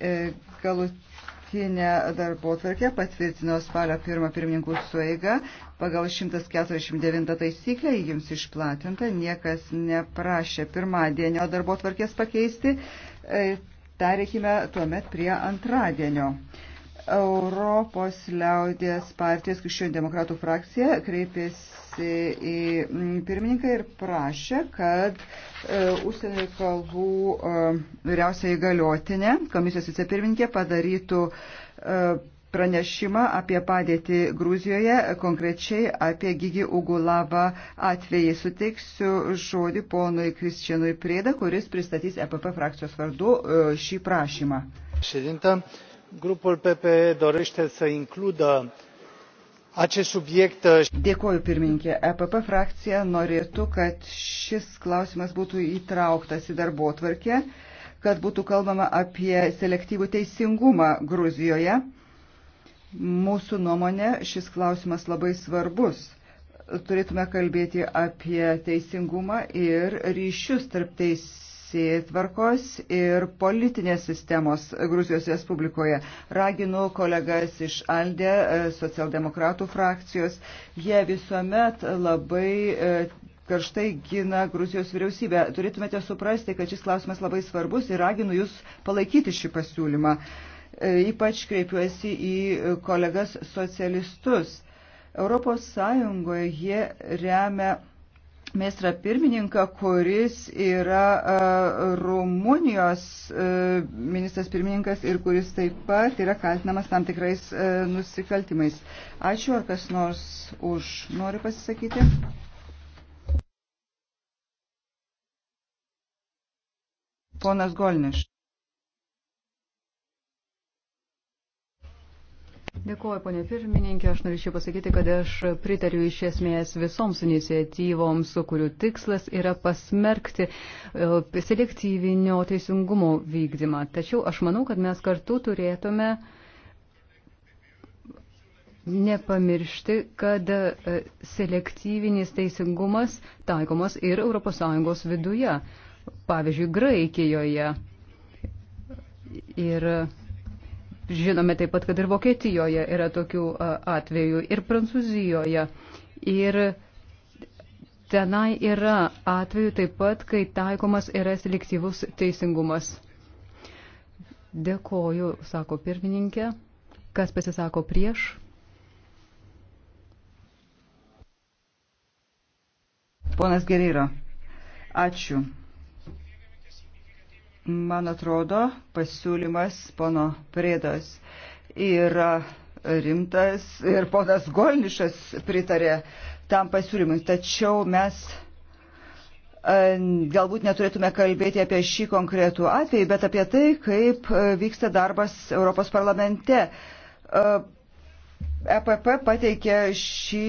E, galutinę darbo tvarkę patvirtino spalio pirmą pirmininkų sueigą. Pagal 149 taisyklę jums išplatinta, niekas neprašė pirmadienio darbo tvarkės pakeisti. Tarėkime e, tuomet prie antradienio. Europos liaudės partijos krikščionių demokratų frakcija kreipėsi į pirmininką ir prašė, kad E, užsienio reikalų e, vyriausiai galiotinė, komisijos vicepirminkė, padarytų e, pranešimą apie padėtį Gruzijoje, konkrečiai apie Gigi Ugulavą atvejį. Suteiksiu žodį ponui Kristianui Prėda, kuris pristatys EPP frakcijos vardu šį prašymă. Ședintă, grupul PPE dorește să includă Ačiū subjektą. Uh, Dėkuoju pirmininkė. EPP frakcija norėtų, kad šis klausimas būtų įtrauktas į darbo tvarkę, kad būtų kalbama apie selektyvų teisingumą Gruzijoje. Mūsų nuomonė šis klausimas labai svarbus. Turėtume kalbėti apie teisingumą ir ryšius tarp teisingumą teisėtvarkos ir politinės sistemos Gruzijos Respublikoje. Raginu kolegas iš Aldė, e, socialdemokratų frakcijos, jie visuomet labai e, karštai gina Gruzijos vyriausybę. Turėtumėte suprasti, kad šis klausimas labai svarbus ir raginu jūs palaikyti šį pasiūlymą. E, ypač kreipiuosi į kolegas socialistus. Europos Sąjungoje jie remia ministrą pirmininką, kuris yra e, Rumunijos e, ministras pirmininkas ir kuris taip pat yra kaltinamas tam tikrais e, nusikaltimais. Ačiū, ar kas nors už nori pasisakyti? Ponas Golniš. Dėkuoju, ponė pirmininkė. Aš norėčiau pasakyti, kad aš pritariu iš esmės visoms iniciatyvoms, kurių tikslas yra pasmerkti e, selektyvinio teisingumo vykdymą. Tačiau aš manau, kad mes kartu turėtume nepamiršti, kad e, selektyvinis teisingumas taikomas ir ES viduje, pavyzdžiui, Graikijoje. Ir Žinome taip pat, kad ir Vokietijoje yra tokių atvejų, ir Prancūzijoje. Ir tenai yra atvejų taip pat, kai taikomas yra selektyvus teisingumas. Dėkoju, sako pirmininkė. Kas pasisako prieš? Ponas Geriro. Ačiū man atrodo, pasiūlymas pono Prėdos yra rimtas ir ponas Golnišas pritarė tam pasiūlymui. Tačiau mes e, galbūt neturėtume kalbėti apie šį konkretų atvejį, bet apie tai, kaip e, vyksta darbas Europos parlamente. EPP e pateikė šį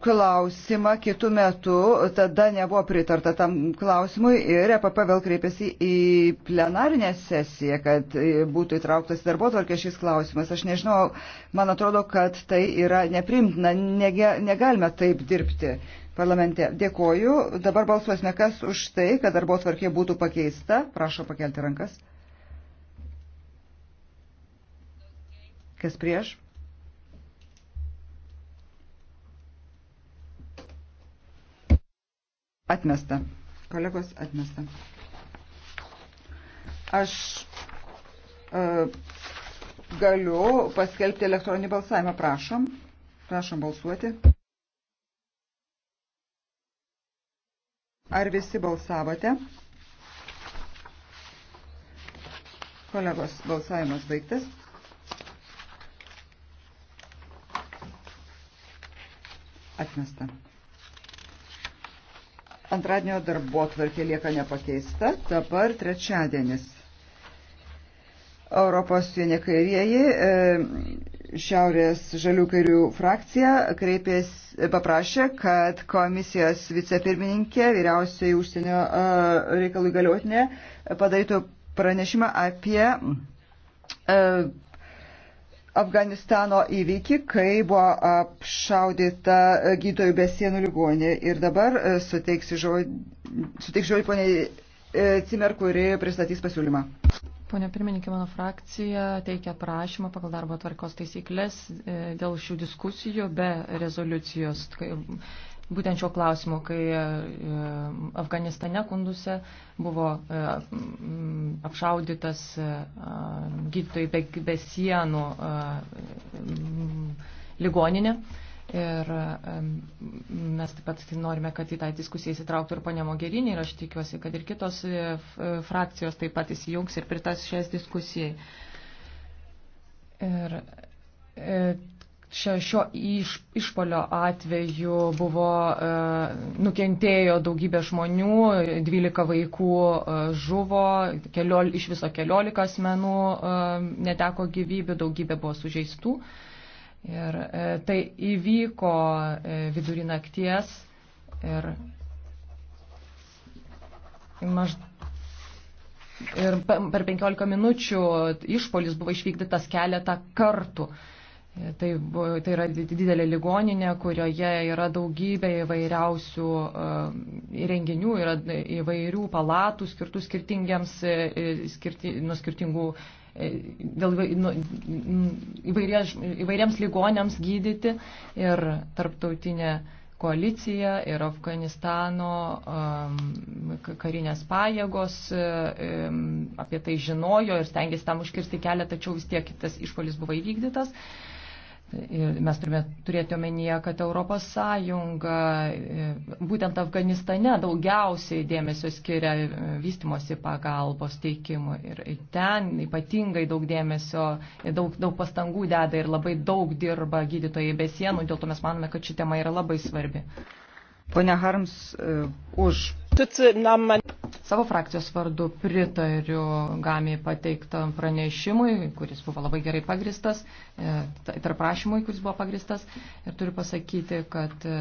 klausimą kitų metų, tada nebuvo pritarta tam klausimui ir EPP vėl kreipėsi į plenarinę sesiją, kad būtų įtrauktas darbo tvarkė šis klausimas. Aš nežinau, man atrodo, kad tai yra neprimtina, nege, negalime taip dirbti parlamente. Dėkoju, dabar balsuosime kas už tai, kad darbo tvarkė būtų pakeista. Prašau pakelti rankas. Kas prieš? Atmesta. Kolegos, atmesta. Aš e, galiu paskelbti elektroninį balsavimą. Prašom. Prašom balsuoti. Ar visi balsavote? Kolegos, balsavimas baigtas. Atmesta antradienio darbo tvarkė lieka nepakeista. Dabar trečiadienis. Europos vieni kairieji, e, Šiaurės žalių kairių frakcija kreipės, e, paprašė, kad komisijos vicepirmininkė, vyriausiai užsienio e, reikalų galiotinė, padarytų pranešimą apie Afganistano įvykį, kai buvo apšaudyta gydytojų besienų ligonė. Ir dabar e, suteiksiu žodį, suteiksiu žodį poniai e, Cimer, kuri pristatys pasiūlymą. Pone pirmininkė, mano frakcija teikia prašymą pagal darbo tvarkos taisyklės e, dėl šių diskusijų be rezoliucijos būtent šio klausimu, kai e, Afganistane kunduse buvo e, apšaudytas e, gydytojai be, be sienų ligoninė. Ir mes taip pat norime, kad į tą diskusiją įsitrauktų ir ponė Mogerinė ir aš tikiuosi, kad ir kitos frakcijos taip pat įsijungs ir pritas šias diskusijai. Ir šio, šio iš, išpolio atveju buvo e, nukentėjo daugybė žmonių, 12 vaikų e, žuvo, keliol, iš viso 14 asmenų e, neteko gyvybių, daugybė buvo sužeistų. Ir e, tai įvyko e, vidurį nakties ir maždaug. Ir per 15 minučių išpolis buvo išvykdytas keletą kartų. E, Tai, tai yra didelė ligoninė, kurioje yra daugybė įvairiausių e, įrenginių, yra įvairių palatų skirtų skirtingiams, e, e, skirti, nuo skirtingų, dėl, nu, įvairiems, įvairiems ligonėms gydyti. Ir tarptautinė koalicija ir Afganistano karinės pajėgos apie tai žinojo ir stengiasi tam užkirsti kelią, tačiau vis tiek tas išpolis buvo įvykdytas. Ir mes turime turėti omenyje, kad Europos Sąjunga e, būtent Afganistane daugiausiai dėmesio skiria e, vystimosi pagalbos teikimui. Ir ten ypatingai daug dėmesio, e, daug, daug pastangų deda ir labai daug dirba gydytojai be sienų. Dėl to mes manome, kad ši tema yra labai svarbi. Pone Harms, už. Savo frakcijos vardu pritariu Gami pateiktam pranešimui, kuris buvo labai gerai pagristas, e, tarp prašymui, kuris buvo pagristas. Ir turiu pasakyti, kad e,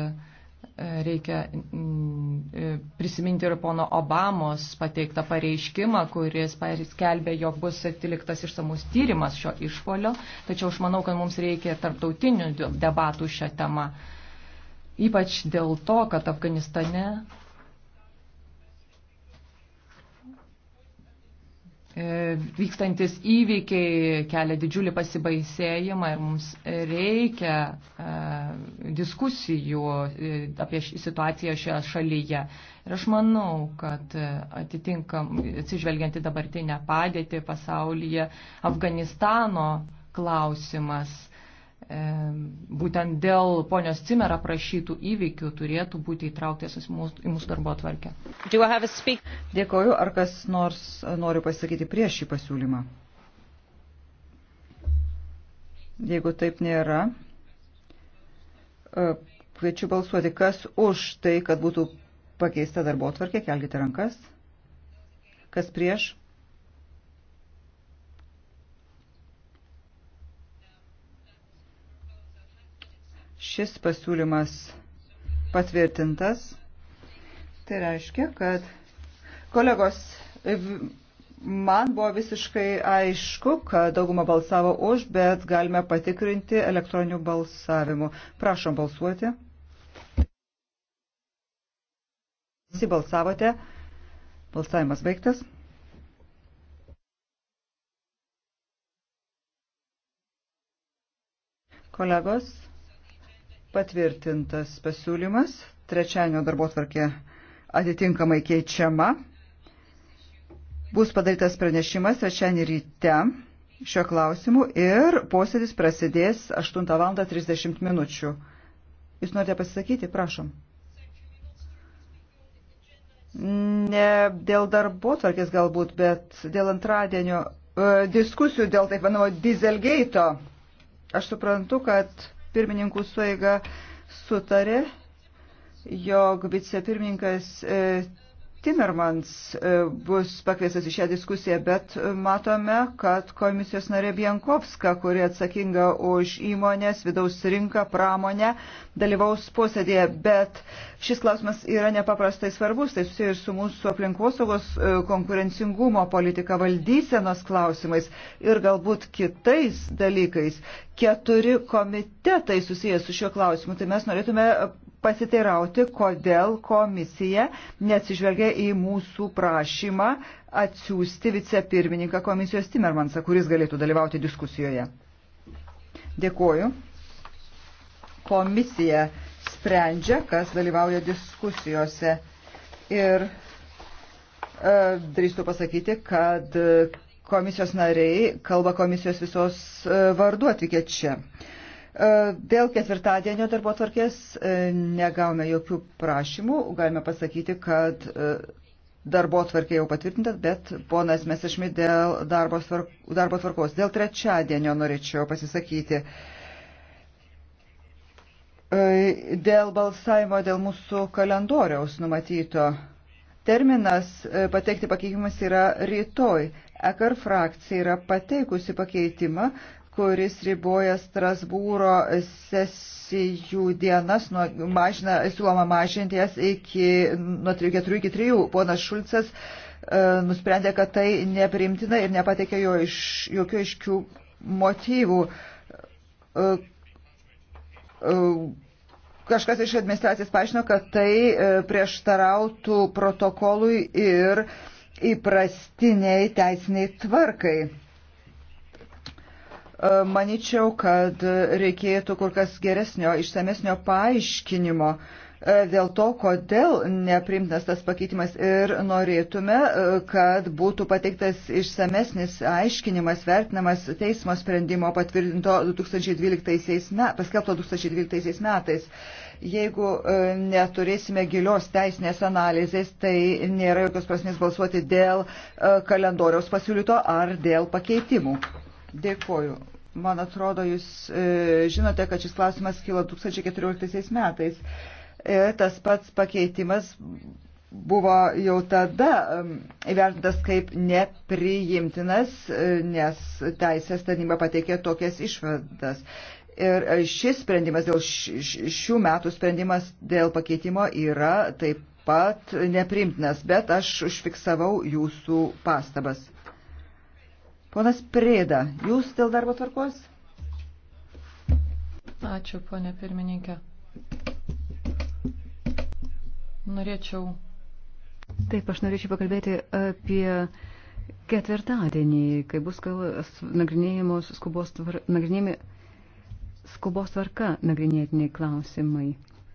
reikia e, prisiminti ir pono Obamos pateiktą pareiškimą, kuris skelbė, jog bus atliktas išsamus tyrimas šio išpolio. Tačiau aš manau, kad mums reikia tarptautinių debatų šią temą. Ypač dėl to, kad Afganistane E, vykstantis įvykiai kelia didžiulį pasibaisėjimą ir mums reikia e, diskusijų e, apie situaciją šioje šalyje. Ir aš manau, kad atitinkam, atsižvelgiant į dabartinę padėtį pasaulyje, Afganistano klausimas E, būtent dėl ponios Cimer aprašytų įvykių turėtų būti įtrauktas į mūsų, mūsų darbo atvarkę. Dėkoju, ar kas nors nori pasakyti prieš šį pasiūlymą? Jeigu taip nėra, e, kviečiu balsuoti, kas už tai, kad būtų pakeista darbo atvarkė, kelkite rankas. Kas prieš? Šis pasiūlymas patvirtintas. Tai reiškia, kad kolegos Man buvo visiškai aišku, kad dauguma balsavo už, bet galime patikrinti elektroniniu balsavimu. Prašom balsuoti. Visi balsavote. Balsavimas baigtas. Kolegos, Patvirtintas pasiūlymas. Trečiadienio darbo tvarkė atitinkamai keičiama. Bus padarytas pranešimas trečiadienį ryte šio klausimu ir posėdis prasidės 8.30 minučių. Jūs norite pasisakyti? Prašom. Ne dėl darbo tvarkės galbūt, bet dėl antradienio e, diskusijų dėl taip vadinamo dizelgeito. Aš suprantu, kad pirmininkų sueiga sutarė, jog vicepirmininkas e, Timmermans e, bus pakviesas į šią diskusiją, bet matome, kad komisijos narė Bienkovska, kuri atsakinga už įmonės, vidaus rinką, pramonę, dalyvaus posėdėje, bet šis klausimas yra nepaprastai svarbus, tai susijęs su mūsų aplinkosaugos e, konkurencingumo politika valdysenos klausimais ir galbūt kitais dalykais. Keturi komitetai susijęs su šiuo klausimu, tai mes norėtume pasiteirauti, kodėl komisija nesižvelgia į mūsų prašymą atsiųsti vicepirmininką komisijos Timermansą, kuris galėtų dalyvauti diskusijoje. Dėkuoju. Komisija sprendžia, kas dalyvauja diskusijose. Ir e, drįstu pasakyti, kad komisijos nariai kalba komisijos visos e, vardu atvykę čia. E, E, dėl ketvirtadienio darbo tvarkės e, negavome jokių prašymų. Galime pasakyti, kad e, darbo tvarkė jau patvirtinta, bet ponas Mesešmit dėl darbo, tvark, darbo tvarkos. Dėl trečiadienio norėčiau pasisakyti. Dėl balsavimo, dėl mūsų kalendoriaus numatyto. Terminas pateikti pakeitimas yra rytoj. Ekar frakcija yra pateikusi pakeitimą, kuris riboja Strasbūro sesijų dienas, nuo, mažina, siūloma mažinti jas iki, nuo 4 iki 3. Ponas Šulcas e, nusprendė, kad tai neprimtina ir nepateikė jo iš, jokių iškių motyvų. E, e, kažkas iš administracijos paaiškino, kad tai e, prieštarautų protokolui ir įprastiniai teisiniai tvarkai. E, Maničiau, kad reikėtų kur kas geresnio, išsamesnio paaiškinimo e, dėl to, kodėl neprimtas tas pakeitimas ir norėtume, e, kad būtų pateiktas išsamesnis aiškinimas vertinamas teismo sprendimo patvirtinto 2012 me, paskelbto 2012 metais. Jeigu neturėsime gilios teisinės analizės, tai nėra jokios prasmės balsuoti dėl kalendoriaus pasiūlyto ar dėl pakeitimų. Dėkuoju. Man atrodo, jūs e, žinote, kad šis klausimas kilo 2014 metais. E, tas pats pakeitimas buvo jau tada įvertintas kaip nepriimtinas, e, nes teisės tarnyba pateikė tokias išvadas. Ir šis sprendimas, dėl šių metų sprendimas dėl pakeitimo yra taip pat neprimtinas, bet aš užfiksavau jūsų pastabas. Ponas Prėda, jūs dėl darbo tvarkos? Ačiū, ponė pirmininkė. Norėčiau. Taip, aš norėčiau pakalbėti apie ketvirtadienį, kai bus nagrinėjamos skubos, tvar, nagrinėjami, skubos tvarka nagrinėtiniai klausimai.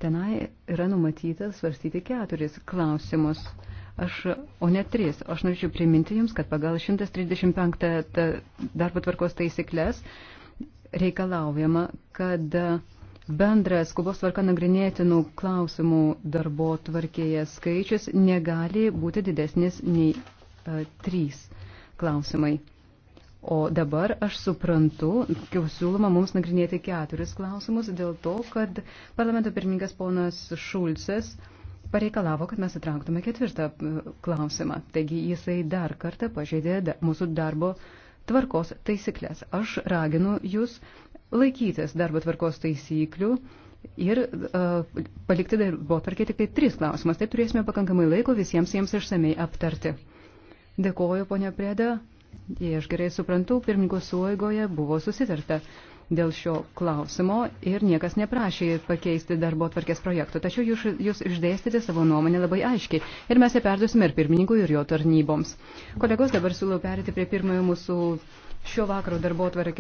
Tenai yra numatyta svarstyti keturis klausimus. Aš, o ne trys. Aš norėčiau priminti Jums, kad pagal 135 darbo tvarkos taisyklės reikalaujama, kad bendras skubos tvarka nagrinėtinų klausimų darbo tvarkėje skaičius negali būti didesnis nei e, trys klausimai. O dabar aš suprantu, jau siūloma mums nagrinėti keturis klausimus dėl to, kad parlamento pirmininkas ponas Šulcas pareikalavo, kad mes atranktume ketvirtą klausimą. Taigi jisai dar kartą pažeidė mūsų darbo tvarkos taisyklės. Aš raginu jūs laikytis darbo tvarkos taisyklių ir uh, palikti darbo tvarkė tik tai tris klausimas. Taip turėsime pakankamai laiko visiems jiems išsamei aptarti. Dėkoju, ponia Preda. Jei aš gerai suprantu, pirmininkų suoigoje buvo susitarta dėl šio klausimo ir niekas neprašė pakeisti darbo atvarkės projektų. Tačiau jūs, jūs išdėstėte savo nuomonę labai aiškiai ir mes ją perduosime ir pirmininkui, ir jo tarnyboms. Kolegos, dabar siūlau perėti prie pirmojo mūsų šio vakaro darbo atvarkės.